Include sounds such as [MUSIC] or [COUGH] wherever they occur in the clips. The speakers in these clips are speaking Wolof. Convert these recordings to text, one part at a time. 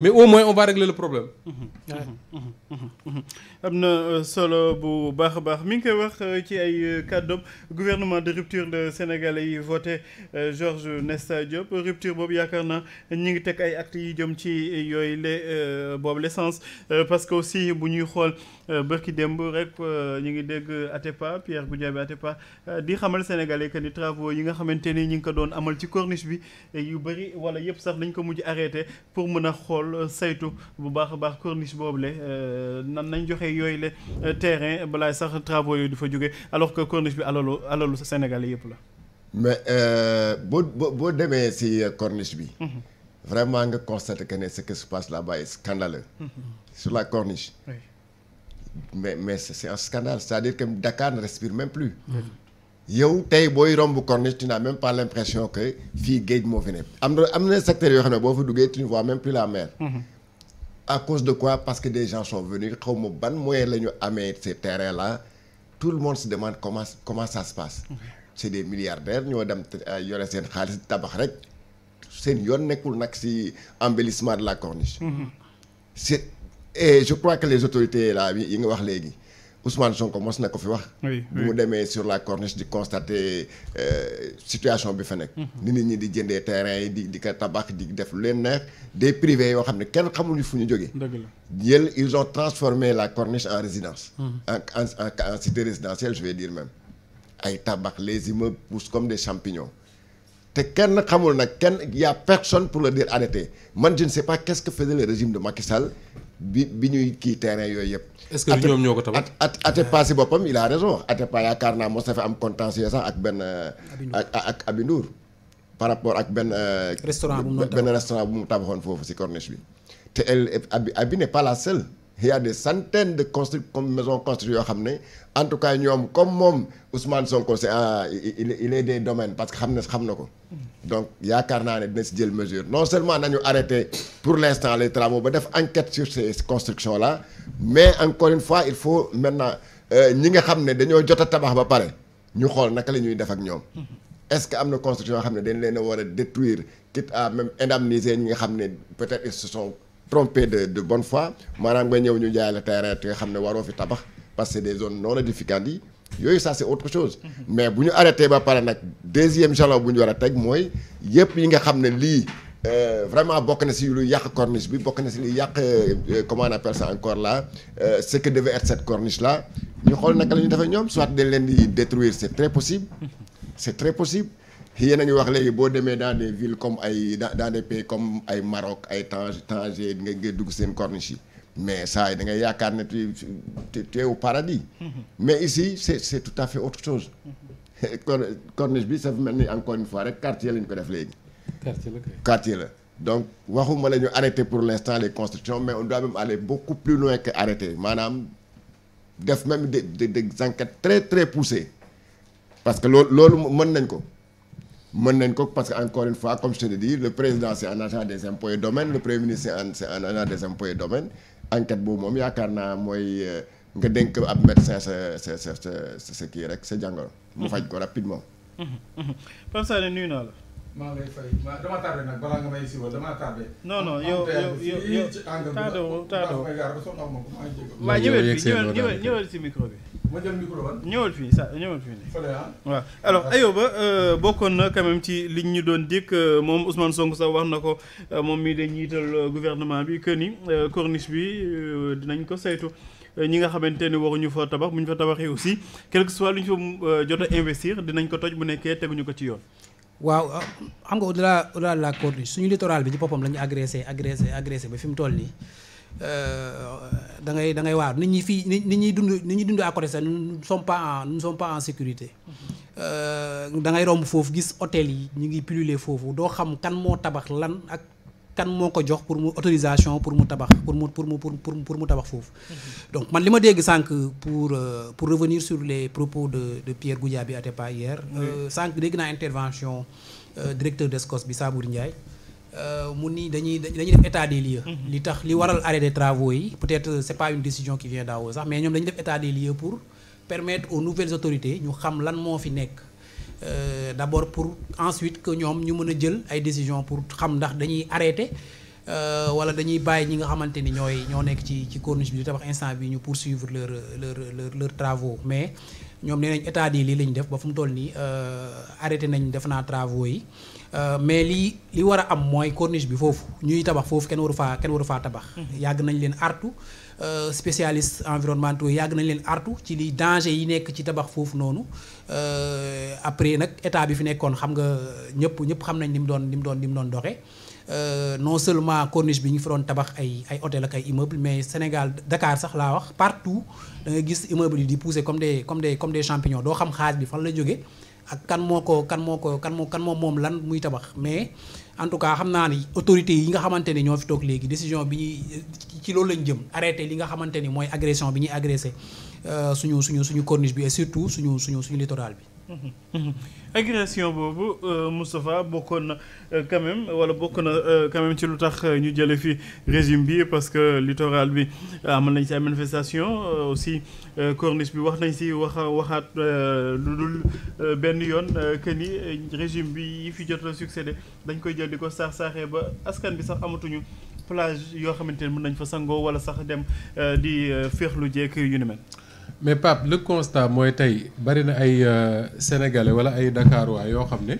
mais au moins on va régler le problème. am na euh, solo bu baax a baax mi ngi koy wax euh, ci ay euh, kàddoom gouvernement de rupture de sénégalais yi voté Georges Nesta Diop rupture boobu yaakaar na ñi ngi teg ay actes yi jëm ci yooyu la boobu l'essence parce que aussi bu ñuy xool. Euh, bërki démb rek euh, ñu ngi dégg Atepa Pierre Goudiaby Atepa euh, di xamal sénégalais que ni travaux yi nga xamante ni ñu ngi ko doon amal ci corniche bi yu bëri wala yëpp sax dañ ko mujj arrêté pour mën a xool saytu bu baax a baax corniche boobule nan nañ joxe yooyu le terrain balaa sax travaux yooyu di fa jóge alors que corniche bi alalu alalu sénégalais yëpp la. mais boo boo boo demee si corniche bi. Mhm. vraiment nga constaté que ne ce qui se passe mhm. la corniche. Oui. mais mais c'est un scandale c'est-à-dire que Dakar ne respire même plus. yow tey booy romb corniche tu n'as même pas l'impression que fii géej moo fi ne am na am na secteur yoo xam ne boo fa duggee tu ne vois même plus la mer. Mm-hmm. à cause de quoi parce que des gens sont venus xaw ma ban moyen la ñu amee ces terrains là tout le monde se demande comment comment ça se passe. Mm-hmm. c'est des milliardaires ñoo dem euh, yore seen xaalis tabax rek seen yoon nekkul nag ci embellissement de la corniche. Mm-hmm. et eh, je crois que les autorités là yi nga wax léegi Ousmane ko mos na ko fi wax. oui bu mu demee sur la corniche di constater euh, situation bi fa nekk. Mm-hmm. ni nit ñi di jëndee terrain yi di di ko tabax di def lu leen neex des privés yoo xam ne kenn xamuñu fu ñu jógee. dëgg la yéen ils ont transformé la corniche en résidence. Mm-hmm. en en en cité résidentielle je vais dire même ay tabax les immeubles poussent comme des champignons. te kenn xamul nag kenn y' personne pour le dire arrêtez man je ne sais pas qu'est-ce que faisait le régime de Macky bi bi ñuy kii terrain yooyu yëpp. est-ce que ñoom ñoo ko tabax Atepa si boppam il yaakaar naa mos na fa am contentieux sax ak benn. ak ak Aby par rapport ak benn. restaurant bu mu tabax benn restaurant bu mu tabaxoon foofu si corniche bi te elle Aby Aby n'est il y a des de constru comme maisons yoo xam ne en tout cas ñoom comme moom Ousmane Sonko c'est il il est des domaines parce que xam na xam na ko donc yaakaar naa ne dina si jël mesure non seulement nañu arrêté pour l'instant les travaux ba def enquête sur ces la mais encore une fois il faut maintenant euh, ñi nga xam ne dañoo jot a tabax ba pare ñu xool naka la ñuy def ak ñoom est-ce que am na construction yoo xam ne dañ leen a war a détruire quitte à même indemniser ñi nga xam ne peut-être ils trompé de de bonne foi maanaam nga ñëw ñu jaay la terrain te nga xam ne waroo fi tabax parce que des zones non aedificantes yi yooyu ça c'est autre chose mhm. mais bu ñu arrêté ba pare nag deuxième jalon bu ñu war a teg mooy yëpp yi nga xam ne lii euh, vraiment bokk na si lu yàq corniche bi bokk na si lu yàq euh, comment on appelle encore la euh, ce que devait être corniche là ñu xool naka la ñu defee ñoom soit dañ leen di détruire c'est très possible c'est très possible yéen a ngi wax léegi boo demee dans des villes comme ay dans des pays comme ay Maroc ay Tanger Tanger nga ngay dugg seen corniche yi mais saa yi da ngay yaakaar na tu tu es au paradis. Mhm. mais ici c'est c'est tout à fait autre chose. Mhm. [LAUGHS] corniche bi ça mel ni encore une fois rek quartier lañ ko def léegi. quartier la quartier la donc waxuma la ñu arrêter pour l'instant les constructions mais on doit même aller beaucoup plus loin que arrêter maanaam def même des des enquêtes très très poussées parce que loolu loolu mën nañ ko. mën nañ ko parce que encore une fois comme je te l'ai dit le président c'est un agent des impôts et domaines le premier ministre c'est un agent des impôts et domaines enquête boobu moom yaakaar naa mooy euh, nga dénk ab médecin sa sa sa sa sa kii rek sa jàngoro. mu faj ko rapidement. Pape Sané nuyu naa la. maa ngi lay fay ma dama tardé nag yow yow yow yow tardé woo tardé woo. maa ñëwal bi si micro bi. ma jël micro ñëwal fii sa ñëwal fii. Ah. waaw alors ah. Ayoba euh, bokkoon na quand ci liñ ñu doon dikk euh, moom Ousmane Sonko sax wax na ko euh, moom mii dañ jiital gouvernement bi que ni corniche bi dinañ ko saytu. ñi nga xamante ni waruñu fa tabax bu ñu fa tabaxee aussi quel que soit lu ñu fa jot a investir dinañ ko toj bu nekkee teguñu ko ci yoon. waaw ah, xam nga au delà au delà la corniche suñu littoral bi ci boppam la ñu agressé agressé agressé ba fi mu toll nii da ngay da ngay waar nit ñi fii nit ñi dund nit ñi dund à côté sax nous ne sommes pas en sécurité. Euh, da ngay romb foofu gis hôtel yi ñu ngi pulluler foofu doo xam kan moo tabax lan ak kan moo ko jox pour mu autorisation pour mu tabax pour mu pour mu pour mu tabax foofu. Mm-hmm. donc man li ma dégg sànq pour euh, pour revenir sur les propos de de bi Goudiaby Atepa hier. Euh, sànq dégg naa intervention directeur d'Escos bi Sabour Ndiaye. Euh, mu nii dañuy dañuy def état des lieux. Mhm. li tax li waral arrêt des yi peut-être c'est pas une décision qui vient d'en haut sax mais ñoom dañuy def état des lieux pour permettre aux nouvelles autorité ñu xam lan moo fi nekk. Euh, d'abord pour ensuite que ñoom ñu mën a jël ay décisions pour xam ndax dañuy arrêter. Euh, wala dañuy bàyyi ñi nga xamante ni ñooy ñoo nekk ci ci corniche bi di tabax instant bi ñu pour leur leur leur leur travaux mais ñoom nee nañ état yi lii lañu def ba fu mu toll nii euh, arrêté nañ def naa travaux yi euh, mais lii li war a am mooy corniche bi foofu ñuy tabax foofu kenn waru faa kenn waru faa tabax. Mhm. yàgg nañ leen artu spécialistes environnementaux yàgg nañ leen artu ci li danger yi nekk ci tabax foofu noonu après nag état bi fi nekkoon xam nga ñëpp ñëpp xam nañ ni mu doon ni mu doon ni mu doon doxee. Euh, non seulement corniche bi ñu fi doon tabax ay ay hôtel ak ay immeuble mais Sénégal dakaar sax laa wax partout da gis immeuble yi di pousser comme des comme des comme des champignons doo xam xaaj bi fan la jóge ak kan moo ko kan moo ko kan moo kan moo moom lan muy tabax mais en tout cas xam naa ni autorités yi nga xamante ne ñoo fi toog léegi décision bi ñuy ci loolu lañ jëm arrêté li nga xamante ni mooy agression bi ñuy agressé euh, suñu suñu suñu corniche bi et surtout suñu suñu suñu littoral bi Mm-hmm. agression boobu euh, Moustapha bokkoon na euh, quand même wala bokk na euh, quand même ci lu tax ñu jële fi régime bi parce que littoral bi mën nañ si ay manifestation aussi corniche bi wax nañ si wax waxaat lu dul benn yoon que ni régime bi yi fi jot la succédé dañ koy jël di ko saax saaxee ba askan bi sax amatuñu plage yoo xamante ne mën nañ fa sangoo wala sax dem di féexlu jekk yu ni mel mais Pape le constat mooy tey bari na ay euh, sénégalais wala ay Dakarois yoo xam ne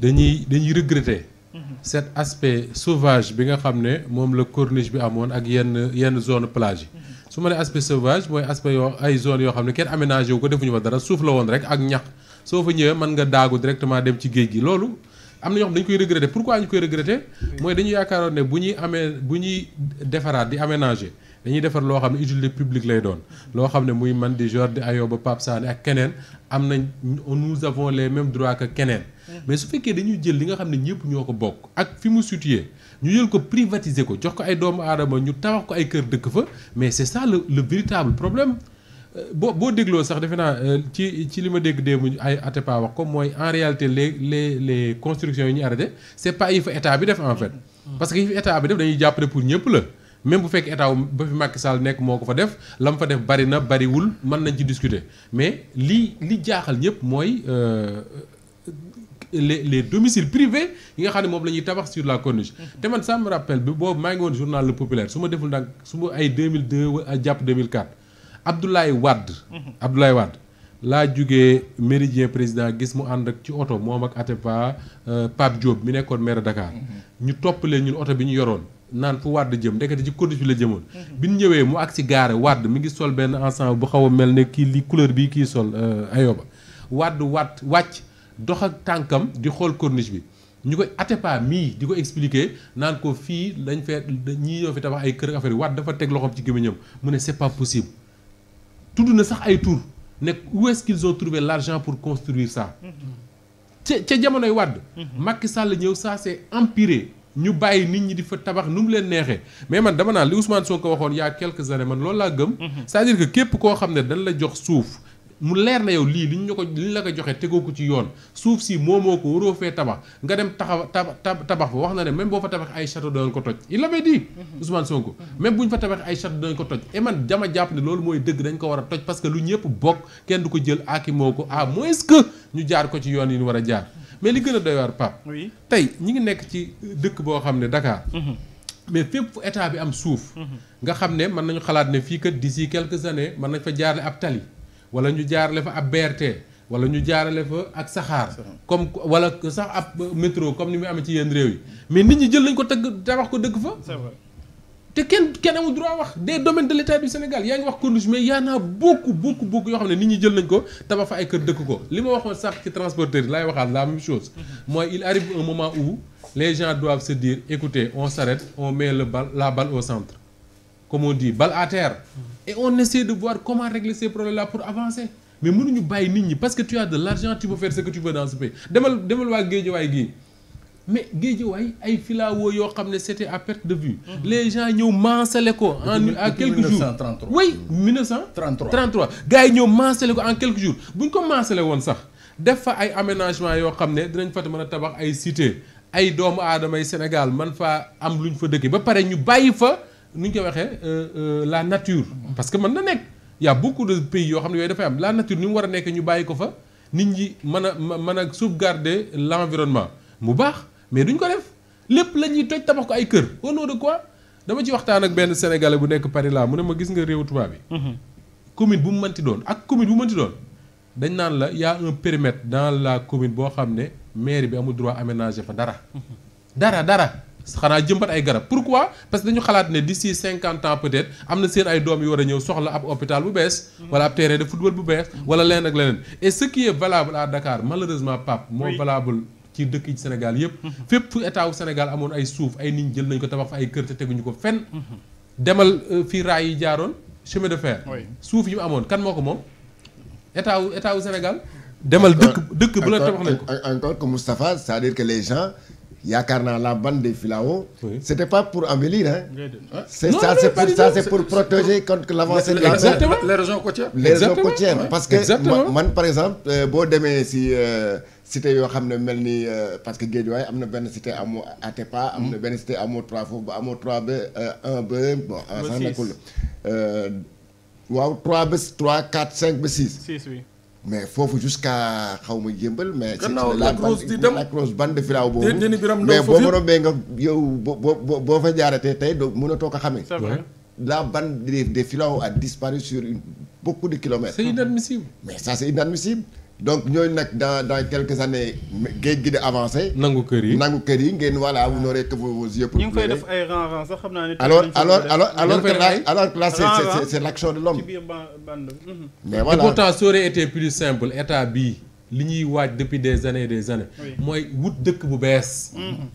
dañuy dañuy regretter. Mhm. cet aspect sauvage bi nga xam ne moom la corniche bi amoon ak yenn yenn zone plage mhm. su ma nee aspect sauvage mooy aspe yoo ay zone yoo xam ne kenn aménagé wu ko defuñu fa dara suuf la woon rek ak ñax soo fa ñëwee mën nga daagu directement dem ci géej gi loolu. am na ñoo xam dañu koy regretter pourquoi ñu koy regretter. mooy dañu yaakaaroon ne bu ñuy amee bu ñuy defaraat di aménager. dañuy defar loo xam ne utilité publique lay doon loo xam ne muy man di Jordi Ayoba Pape Sané ak keneen am nañ nous avons les même droits que keneen mais su fekkee dañuy jël li nga xam ne ñëpp ñoo ko bokk ak fi mu situé ñu jël ko privatiser ko jox ko ay doomu aadama ñu tabax ko ay kër dëkk fa mais c'est ça le le véritable problème euh, boo boo dégloo sax defe naa euh, ci ci li ma dégg démb ay Atepa wax ko mooy en réalité les les les constructions yi ñu arrêté c'est pas état bi def en fait parce que yi fa dañuy jàpp pour ñëpp la même bu fekk état ba fi Macky Sall nekk moo ko fa def la mu fa def bari na bariwul mën nañ ci discuter mais li li jaaxal ñëpp mooy euh, les les domiciles privés yi nga xam ne moom la ñuy tabax sur la corniche. Mm-hmm. te man ça me rappelle bi boobu maa ngi woon journal Le Populaire su ma deful ndànk su ma ay 2002 jàpp 2004 Abdoulaye Wade. Mm-hmm. Abdoulaye Wade. laa jugee Méridien président gis mu ànd ak ci oto moom ak Atepa euh, Pape Diop mi nekkoon maire Dakar. Mm-hmm. ñu topp leen ñun oto bi ñu yoroon. naan fu wàdd jëm ndekete ci corniche bi la jëmoon bi ñu ñëwee mu ak si gaare wàdd mi ngi sol benn ensemble bu xaw mel ne kii lii couleur bii kii sol euh, ayoba wàdd wàtt wàcc dox ak tànkam di xool corniche bi ñu ko Atepa mii di ko expliquer naan ko fii dañ fee ñii ñoo fi tabax ay kër affaire yi wàdd dafa teg loxoom ci gémmiñam mu ne c'est pas possible tudd na sax ay tur ne où est-ce qu'ils ont l'argent pour construire ça mm-hmm. ca ca jamonoy wàdd mm-hmm. Macky Sall ñëw ça c'est empiré ñu bàyyi nit ñi di fa tabax nu mu leen neexe mais man dama naan li Ousmane Sonko waxoon il y a quelques années man loolu laa gëm. Mhm. c'est-à-dire képp koo xam ne dañ la jox suuf. mu leer na yow lii li ñu ko li ñu la ko joxe tegoo ko ci yoon suuf si moomoo ko waroo fee tabax nga dem taxaw tabax tabax fa wax na ne même boo fa tabax ay château dañ ko toj il l'avait dit mhm. Ousmane Sonko mhm. même bu ñu fa tabax ay château dañ ko toj et man dama jàpp ne loolu mooy dëgg dañ ko war a toj parce que lu ñëpp bokk kenn du ko jël aaki moo ko à moins que ñu jaar ko ci yoon yi ñu war a jaar mais li gën a doy waar Pape. tey ñi ngi nekk ci dëkk boo xam ne Dakar. Mhm. mais fépp fu bi am suuf. Mhm. nga xam ne mën nañu xalaat ne fii di d'ici quelques années mën nañ fa jaarale ab tali wala ñu jaarale fa ab berte wala ñu jaarale fa ak saxaar comme wala sax ab métro comme ni muy amee ci yenn réew yi mais nit ñi jël nañ ko tëgg tabax ko dëkk fa te kenn kenn amul droit wax des domaines de l'État du Sénégal yaa ngi wax corniche yaa naa beaucoup beaucoup yoo xam ne nit ñi jël nañ ko tabax fa ay kër dëkk ko li ma waxoon sax ci transporteur yi laay waxaat la même chose mhm. mooy il arrive un moment où les gens doivent dire écoutez on s'arrête on met le bal la balle au centre comme on balle à terre mhm. et on essaie de voir comment régler ces problèmes là pour avancer mais mënuñu bàyyi nit ñi parce que tu as de l'argent tu peux mais Guédiawaye ay filawo yoo xam ne c'était à perte de vue. Mm-hmm. les gens ñëw maasale ko. en à quelques jours 1933 oui 1933. 33 gars yi ñëw maasale ko en quelques jours bu ñu ko maasale woon sax def fa ay aménagement yoo xam ne dinañ fa te mën a tabax ay cité ay doomu aadama yi Sénégal man faa am lu ñu fa dëkkee ba pare ñu bàyyi fa nu ñu ko waxee euh, euh, la nature. Mm-hmm. parce que mën na nekk yaa a de pays yoo xam ne yooyu dafay am la nature ni mu war a nekk ñu bàyyi ko fa nit ñi mën a mën a sauvegarder l'environnement mu baax. mais du ñu ko def lépp la ñuy toj tabax ko ay kër au nom de quoi dama ci waxtaan ak benn sénégalais bu nekk Paris la mu ne ma gis nga réew tubaab bi mhm. commune bu mu mënti doon ak commune bu mu mënti doon dañ naan la y a un dans la commune boo xam ne mairie bi amul droit aménager fa dara mhm. dara dara xanaa jëmbat ay garab pourquoi parce que dañu xalaat ne d'ici cinquante ans peut-être am na seen ay doom yu war a ñëw soxla ab hôpital bu bees. Mhm. wala ab bu bees. wala leneen leneen et ce qui est valable à Dakar malheureusement ci dëkk yi Sénégal yëpp mhm. fépp fu état Sénégal amoon ay suuf ay nit jël nañ ko tabax fa ay kër te teguñu ko fenn demal euh, fii raay yi jaaroon chemin de fer suuf yi mu amoon kan moo ko moom état wu état wu Sénégal demal dëkk dëkk bu la tabax nañ ko encore que Moustapha c'est-à-dire les gens yaakaar naa la bande des filaos. Oui. pas pour embellir hein. c' pour ça c' est pour protéger contre l' avancée de la. exactement les régions côtières. les régions parce que man par exemple euh, boo demee si. Euh, cité yoo xam ne mel ni euh, parce que Guédiawaye am na benn cité amoo Atepa. am hmm. na benn cité amoo 3 foofu ba amoo 3 ba 1 ba. bon sax nekkul waaw 3 ba 3 4 5 ba 6. mais foofu jusqu'à xaw ma jëmbal mais gannaaw la crosse di dem la crosse bande filaaw boobu mais boo ma rombee nga yow boo boo fa jaaratee tey doo mënatoo ko xamee la bande des filao a disparu sur une beaucoup de kilomètres c'est inadmissible mais ça c'est inadmissible donc ñooñu nag dans dans quelques années géej gi di avancé. nangu kër yi nangu kër yi ngeen voilà vous n'aurez que yëpp yeux pour pleurer. ñu ngi koy def ay ran ran sax xam naa ne. alors alors alors alors que là alors que là c'est c'est c'est l'action de l'homme. ci biir bande mhm. mais voilà et pourtant ça aurait été plus simple état bii li ñuy waaj depuis des années des années. mooy wut dëkk bu bees. Mhm.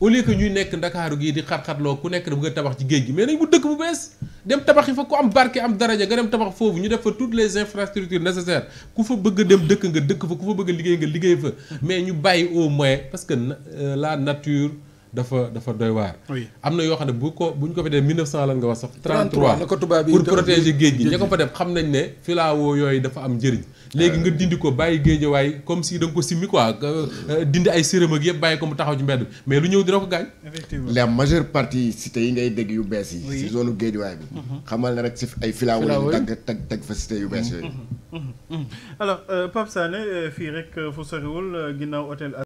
au lieu que ñuy nekk ndakaaru gii di xat-xatloo ku nekk da bëgg tabax ci géej gi mais nañ wut dëkk bu bees. dem tabax yi fa ku am barke am daraja nga dem tabax foofu ñu def fa toutes les infrastructures nécessaires ku fa bëgg a dem dëkk nga dëkk fa ku fa bëgg a liggéey nga liggéey fa mais ñu bàyyi au moins parce que euh, la nature dafa dafa doy waar. am na yoo xam ne bu ko bu ñu ko fi dee 1900 lan nga wax sax. 33 pour protéger géej gi ña ko fa def xam nañ ne filao yooyu dafa am njëriñ. léegi nga dindi ko bàyyi géejawaay comme si da nga ko simmi quoi euh, dindi ay séram ak yëpp bàyyi ko mu taxaw ci mbedd mais lu ñëw dina ko gaañ. la majeure partie cité yi ngay dégg yu bees yi. si zone géejawaay bi. Mhm. xamal na rek si ay filao yu tagg tag tag fa cité yu bees yooyu.